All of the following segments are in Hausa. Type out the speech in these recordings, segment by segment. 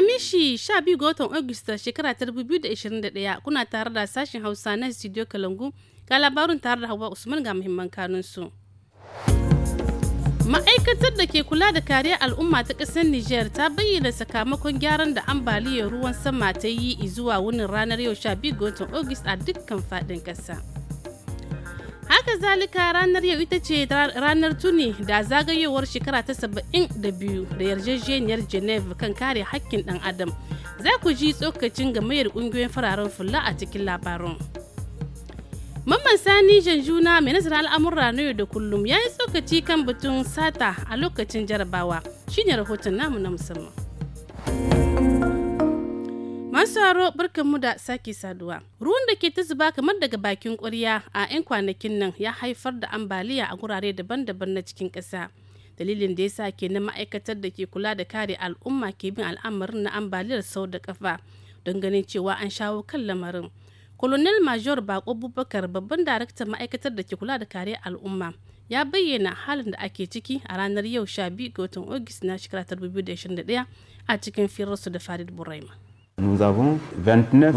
Hamishi 12 ga watan Agusta shekara ta 2021 kuna tare da sashen Hausa na Studio Kalangu ga labarin tare da Hauwa Usman ga muhimman kanunsu. Ma'aikatar da ke kula da kariyar al'umma ta ƙasar Nijar ta bayyana sakamakon gyaran da ambaliyar ruwan sama ta yi zuwa wunin ranar yau 12 ga watan Agusta a dukkan faɗin ƙasa. haka zalika ranar yau ita ce ranar tuni da zagayowar shekara ta saba'in da biyu da yarjejeniyar geneva kan kare hakkin dan adam za ku ji tsokacin gamayar kungiyoyin fararen fulla a cikin labarin mamman sani janjuna mai nazarin al'amura na yau da kullum ya yi tsokaci kan batun sata a lokacin jarabawa shine rahoton namu na musamman Masaro barkanmu da sake saduwa. Ruwan da ke ta zuba kamar daga bakin ƙwarya a 'yan kwanakin nan ya haifar da ambaliya a gurare daban-daban na cikin ƙasa. Dalilin da ya sa ke na ma'aikatar da ke kula da kare al'umma ke bin al'amarin na ambaliyar sau da kafa don ganin cewa an shawo kan lamarin. Colonel Major Bako Bubakar babban daraktan ma'aikatar da ke kula da kare al'umma ya bayyana halin da ake ciki a ranar yau 12 ga watan Ogis na shekara 2021 a cikin firarsu da Farid Buraima. Mun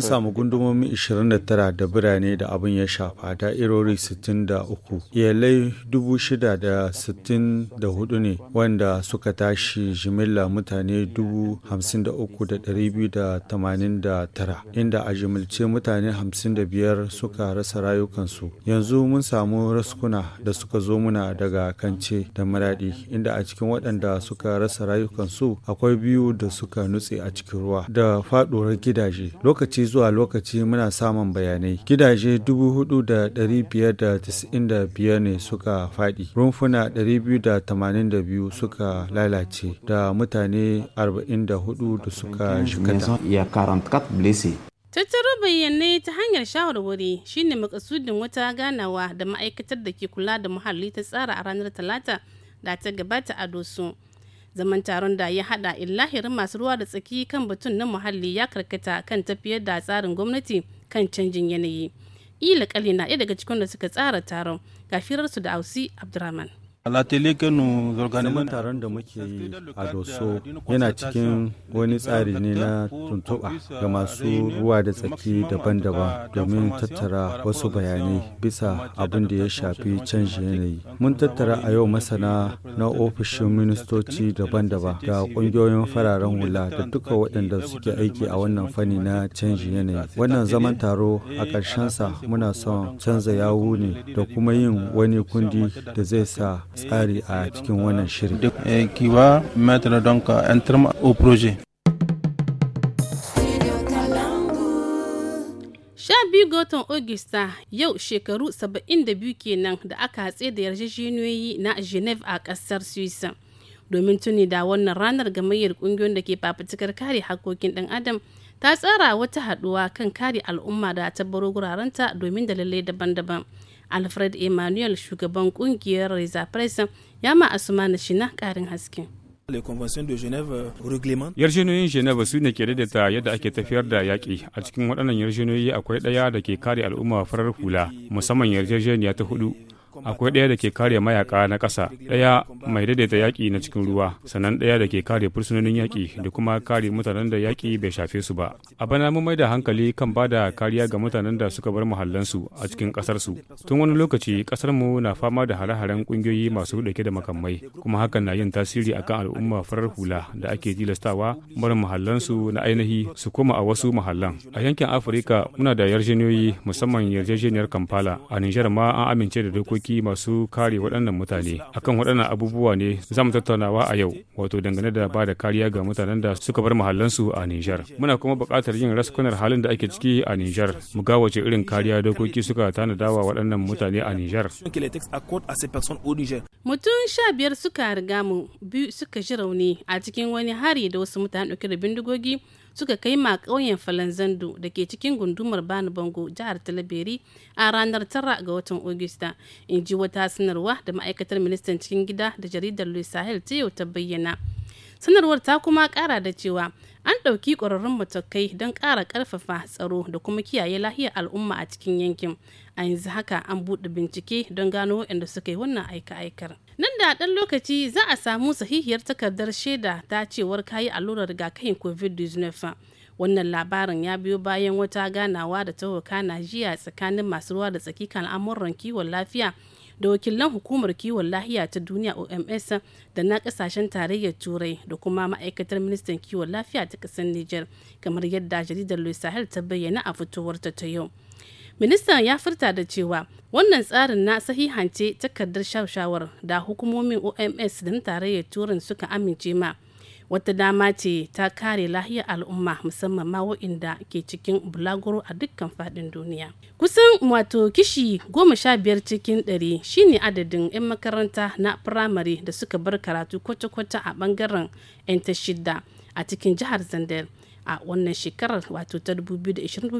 samu gundumomi 29 da birane da abin ya shafa da'irori 63. Iyalai 664 ne wanda suka tashi jimilla mutane 53,289 inda a jimilce mutane 55 suka rasa rayukansu. Yanzu mun samu raskuna da suka zo muna daga kance da maradi inda a cikin waɗanda suka rasa rayukansu akwai biyu da suka nutse a cikin ruwa da faɗuwar gidaje lokaci zuwa lokaci muna samun bayanai gidaje 4,595 ne suka faɗi rumfuna 282 suka lalace da mutane 44 da suka shigata tattaro bayanai ta hanyar shawarwari shine makasudin wata ganawa da ma'aikatar da ke kula da muhalli ta tsara a ranar talata da ta gabata a doso zaman taron da ya hada illahirin masu ruwa da tsaki kan batun na muhalli ya karkata kan tafiyar da tsarin gwamnati kan canjin yanayi ila kali na ɗaya daga cikin da suka tsara taron ga firarsu da ausi Abdulrahman. Zaman taron da muke yi a Doso yana cikin wani tsari ne na tuntuɓa ga masu ruwa da tsaki daban-daban domin tattara wasu bayanai bisa abin da ya shafi canji yanayi. Mun tattara a yau masana na ofishin ministoci daban-daban ga ƙungiyoyin fararen hula da duka waɗanda suke aiki a wannan fanni na canji yanayi. Wannan zaman taro a ƙarshensa muna son canza yawu ne da kuma yin wani kundi da zai sa tsari a cikin wannan shirin. Kiwa mettre don ka terme o proje. Sha biyu ga watan Agusta yau shekaru 72 kenan da aka hatse da yarjejeniyoyi na Geneva a ƙasar Swiss. Domin tuni da wannan ranar gamayyar ƙungiyoyin da ke fafutukar kare hakokin ɗan adam ta tsara wata haɗuwa kan kare al'umma da ta baro gurarenta domin dalilai daban-daban. alfred emmanuel shugaban kungiyar reza press ya ma asuma na shina karin haske euh, yarjinoyin Geneva su ne ke daidaita yadda ake tafiyar da yaƙi a cikin waɗannan yarjinoyi akwai ɗaya da ke kare al'umma farar hula musamman yarjejeniya ta hudu akwai ɗaya da ke kare mayaka na ƙasa ɗaya mai daidaita yaƙi na cikin ruwa sannan ɗaya da ke kare fursunonin yaƙi da kuma kare mutanen da yaƙi bai shafe su ba a bana mun da hankali kan ba da kariya ga mutanen da suka bar muhallansu a cikin ƙasarsu tun wani lokaci ƙasarmu na fama da hare-haren ƙungiyoyi masu ɗauke da makamai kuma hakan na yin tasiri akan al'umma farar hula da ake tilastawa barin muhallansu na ainihi su koma a wasu muhallan a yankin afirika muna da yarjejeniyoyi musamman yarjejeniyar kampala a nijar ma an amince da dokoki masu kare waɗannan mutane akan waɗannan abubuwa ne za mu tattaunawa a yau wato dangane da ba da kariya ga mutanen da suka bar mahallansu a Nijar muna kuma buƙatar yin raskunar halin da ake ciki a Nijar mu ga wace irin kariya dokoki suka tanadawa waɗannan mutane a Nijar mutum sha biyar suka riga mu biyu suka ji rauni a cikin wani hari da wasu mutane ɗauke da bindigogi suka kai ma ƙauyen falanzando da ke cikin gundumar bani bango jihar talabiri a ranar tara ga watan Agusta. In ji wata sanarwa da ma'aikatar ministan cikin gida da jaridar Louis Sahel ta yau ta bayyana. sanarwar ta kuma kara da cewa an ɗauki ƙwararrun matakai don ƙara ƙarfafa tsaro da kuma kiyaye lahiyar al'umma a cikin yankin a yanzu haka an buɗe bincike don gano waɗanda suka yi wannan aika-aikar nan da ɗan lokaci za a samu sahihiyar takardar shaida ta cewar kayi allurar rigakafin covid-19 wannan labarin ya biyo bayan wata ganawa da ta wakana jiya tsakanin masu ruwa da tsakikan al'amuran kiwon lafiya da wakilan hukumar kiwon lafiya ta duniya oms da na kasashen tarayyar turai da kuma ma'aikatar ministan kiwon lafiya ta kasar niger kamar yadda jaridar louis sahel ta bayyana a fitowarta ta yau ministan ya furta da cewa wannan tsarin na sahihance takardar shawar da hukumomin oms da na tarayyar turai suka amince ma wata dama ce ta kare lahiyar al'umma musamman ma wa'inda ke cikin bulaguro a dukkan faɗin duniya kusan wato kishi goma sha biyar cikin ɗari shine adadin 'yan makaranta na firamare da suka bar karatu kwata-kwata a ɓangaren 'yan ta shida a cikin jihar zandar a wannan shekarar wato ta 2021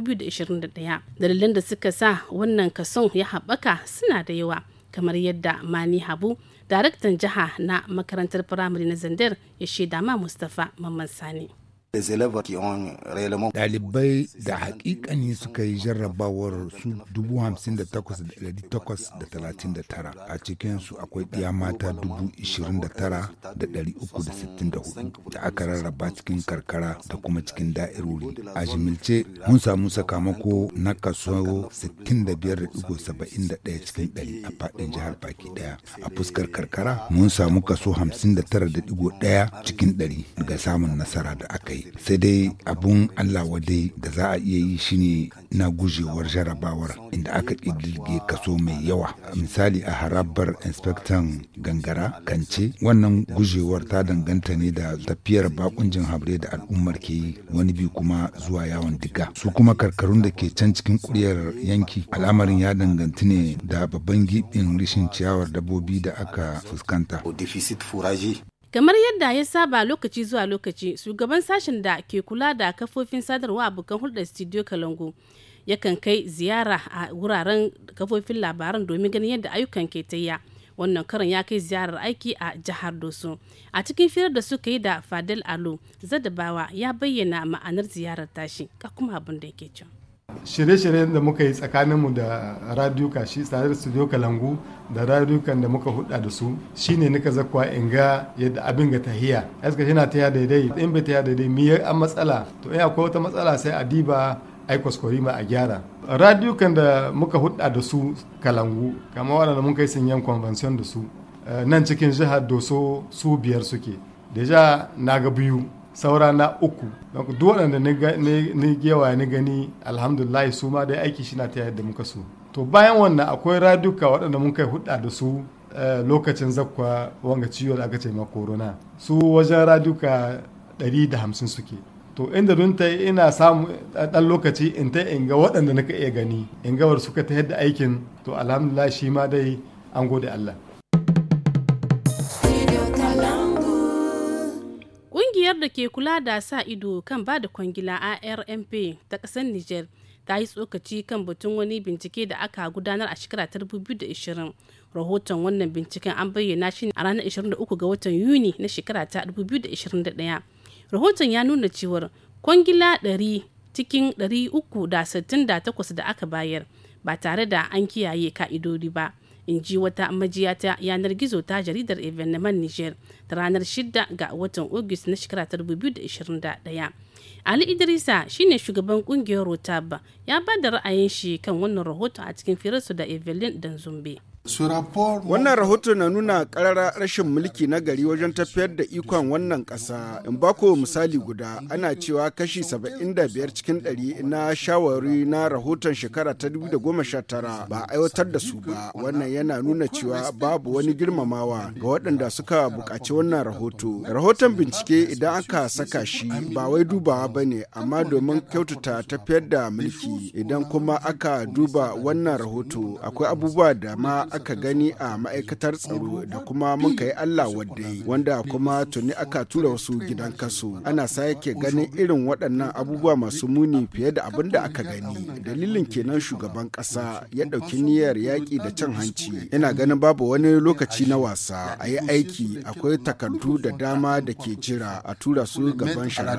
dalilan da suka sa wannan kason ya haɓaka suna da yawa kamar yadda mani habu daraktan jiha na makarantar firamare na zandar ya shaida ma mustapha mamman sani dalibai da hakikani suka yi jarrabawar su 58,839 a cikinsu akwai ɗiya mata 29,364 da aka rarraba cikin karkara da kuma cikin da'irori. A jimilce mun samu sakamako na kaso 65.71 cikin ɗari a faɗin jihar baki ɗaya. A fuskar karkara mun samu kaso 59.1 cikin ɗari ga samun nasara da aka yi. sai dai abun allah wadai da za a iya yi shine na gujewar jarabawar inda aka ƙididdige kaso mai yawa misali a harabar inspektan gangara kance wannan gujewar ta danganta ne da tafiyar bakunjin habre da al'ummar ke yi wani bi kuma zuwa yawon diga su kuma karkarun da ke can cikin kuryar yanki al'amarin ya danganci ne da babban gibin rishin ciyawar dabbobi da aka fuskanta kamar yadda ya saba lokaci zuwa lokaci shugaban sashen da ke kula da kafofin sadarwa a abokan hulɗar studio kalango yakan kai ziyara a wuraren kafofin labaran domin ganin yadda ayyukan ke tayya wannan karin ya kai ziyarar aiki a jihar doso a cikin firar da suka yi da fadel alo zadabawa ya bayyana ma'anar ziyarar tashi ga kuma abin da yake can shirye-shiryen da muka yi tsakaninmu da radiyo shi tare studio kalangu da radiokan da muka hudda da su shine nika zakwa in ga yadda abin ga tahiya aska yana taya daidai in bai taya daidai mi an matsala to in akwai wata matsala sai a diba ai kwaskwari ma a gyara radiokan da muka hudda da su kalangu kamar waɗanda mun kai yan convention da su eh, nan cikin jihar doso su biyar suke deja na ga biyu saura na uku don duk waɗanda ni gewa ni gani alhamdulillah su ma dai aiki shi na ta yadda muka so to bayan wannan akwai raduka waɗanda mun kai hudda da su eh, lokacin zakwa wanga ciwo da aka ce ma corona su wajen raduka 150 suke to inda dun ta ina samu ɗan lokaci in ta in ga waɗanda na iya gani in gawar suka ta yadda aikin to alhamdulillah shi ma dai an gode Allah Cibiyar da ke kula da sa ido kan ba da kwangila arnp ta ƙasar niger ta yi tsokaci kan batun wani bincike da aka gudanar a shekara ta 2020. Rahoton wannan binciken an bayyana shi a ranar 23 ga watan Yuni na shekara ta 2021. Rahoton ya nuna cewar kwangila 100 cikin 368 da aka bayar ba tare da an kiyaye ka'idodi ba. in ji wata majiya ta yanar gizo ta jaridar evenement niger ta ranar 6 ga watan Ogis na shekara 2021 ali idrisa shine shugaban kungiyar rotaba ya ba da ra'ayin shi kan wannan rahoto a cikin firarsu da evelyn danzumbe Wannan rahoto na nuna karara rashin mulki na gari wajen tafiyar da ikon wannan ƙasa. In bako misali guda ana cewa kashi 75 cikin 100 na shawari na rahoton shekara ta 2019 ba aiwatar da su ba. Wannan yana nuna cewa babu wani girmamawa ga waɗanda suka buƙaci wannan rahoto. Rahoton bincike idan aka saka shi ba wai dubawa ba ne amma domin kyautata tafiyar da mulki idan kuma aka duba wannan rahoto akwai abubuwa da ma aka gani a ma'aikatar tsaro da kuma mun yi Allah yi wanda kuma tuni aka tura wasu gidan kaso ana sake ganin irin waɗannan abubuwa masu muni fiye da abin da aka gani dalilin kenan shugaban ƙasa ya ɗauki niyyar yaƙi da cin hanci ina ganin babu wani lokaci na wasa a yi aiki akwai takardu da dama da ke jira a tura su gaban shari'a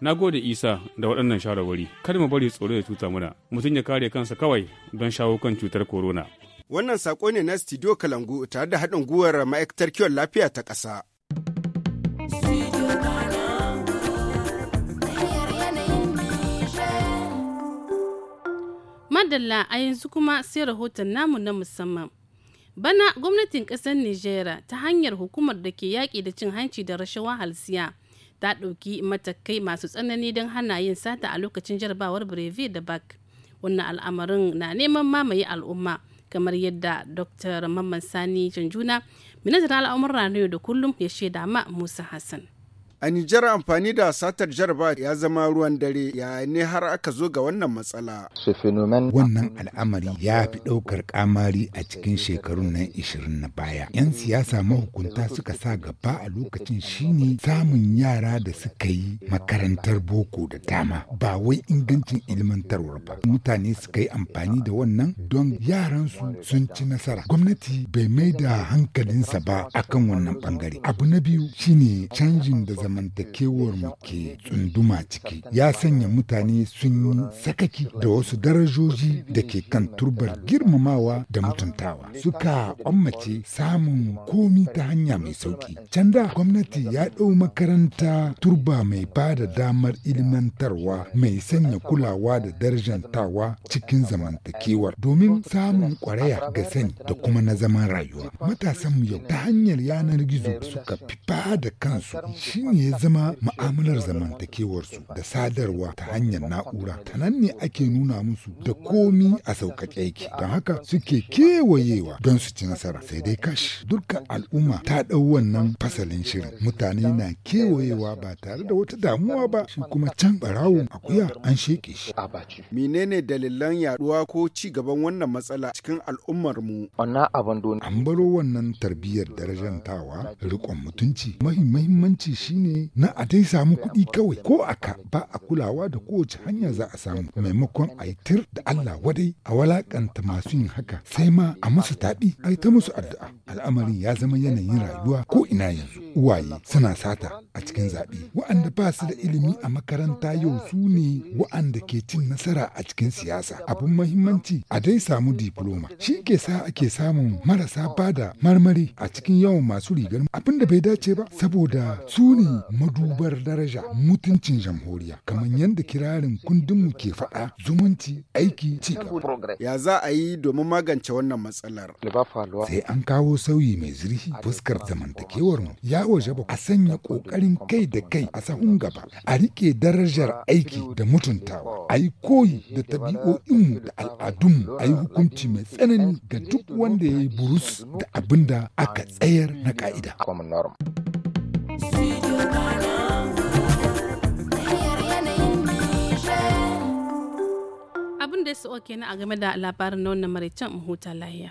Na gode Isa da waɗannan shawarwari, kar mu bari tsoro ya cuta muna, mutum ya kare kansa kawai don shawo kan cutar corona. Wannan sako ne na Studio Kalangu tare da haɗin gwiwar ma'aikatar kiwon lafiya ta ƙasa. Madalla a yanzu kuma sai rahoton namu na musamman. Bana gwamnatin ƙasar Nijera ta hanyar hukumar da ke yaƙi da cin hanci da rashawa halsiya. ta ɗauki matakai masu tsanani don hana yin sata a lokacin jarabawar brevi da bak wannan al'amarin na neman mamaye al'umma kamar yadda dr mamman sani janjuna ministan al'amuran yau da kullum ya shaida ma musa hassan A Nijar amfani da satar jaraba ya zama ruwan dare ya ne har aka zo ga wannan matsala. Wannan al'amari ya fi ɗaukar kamari a cikin shekarun nan 20 na baya. 'Yan siyasa mahukunta suka sa gaba a lokacin shine samun yara da suka yi makarantar boko da dama ba wai ingancin ilmantarwar ba. Mutane suka yi amfani da wannan don yaran su sun ci nasara. Gwamnati bai mai da hankalinsa ba akan wannan bangare. Abu na biyu shine canjin da zamantakewar mu ke eh, tsunduma eh, ciki eh, ya sanya mutane sun yi sakaki da wasu darajoji da ke kan turbar girmamawa da mutuntawa suka ƙwammace samun komi ta hanya mai sauki canza gwamnati ya ɗau makaranta turba mai ba da damar ilimantarwa mai sanya kulawa da darajantawa cikin zamantakewar domin samun ƙwaraya ga sani da kuma na zaman rayuwa matasanmu yau ta hanyar yanar gizo suka fi ba da kansu shine ne ya zama ma'amalar zamantakewarsu da sadarwa ta hanyar na'ura ta nan ne ake nuna musu da komi a sauƙaƙe yake don haka suke kewayewa don su ci nasara sai dai kash dukkan al'umma ta ɗau wannan fasalin shirin mutane na kewayewa ba tare da wata damuwa ba shi kuma can ɓarawun akuya an sheƙe shi. Menene dalilan yaɗuwa ko ci gaban wannan matsala cikin al'ummar mu? An baro wannan tarbiyyar darajantawa riƙon mutunci mahimmanci shine ne na a dai samu kuɗi kawai ko aka ba a kulawa da kowace hanya za a samu maimakon a tir da Allah wadai a walakanta masu yin haka sai ma a musu taɗi a ta musu addu'a al'amarin ya zama yanayin rayuwa ko ina yanzu. uwaye suna sata a cikin zaɓe wa'anda ba su da ilimi a makaranta yau su ne wa'anda ke cin nasara a cikin siyasa abin mahimmanci a dai samu diploma shi ke sa ake samun marasa bada marmari a cikin yawan masu rigar abin da bai dace ba saboda su ne madubar daraja mutuncin jamhuriya kamar yadda kirarin kundinmu ke faɗa zumunci aiki ci ya za a yi domin magance wannan matsalar sai an kawo sauyi mai zurfi fuskar zamantakewar mu ya waje ba a sanya kokarin kai da kai a sahun gaba a riƙe darajar aiki da mutuntawa a yi koyi da tabi'o'inmu da al'adunmu a yi hukunci mai tsanani ga duk wanda ya yi burus da abin da aka tsayar na ka'ida. abin da ya na a game da labarin na wannan maraicen mahuta lahiya.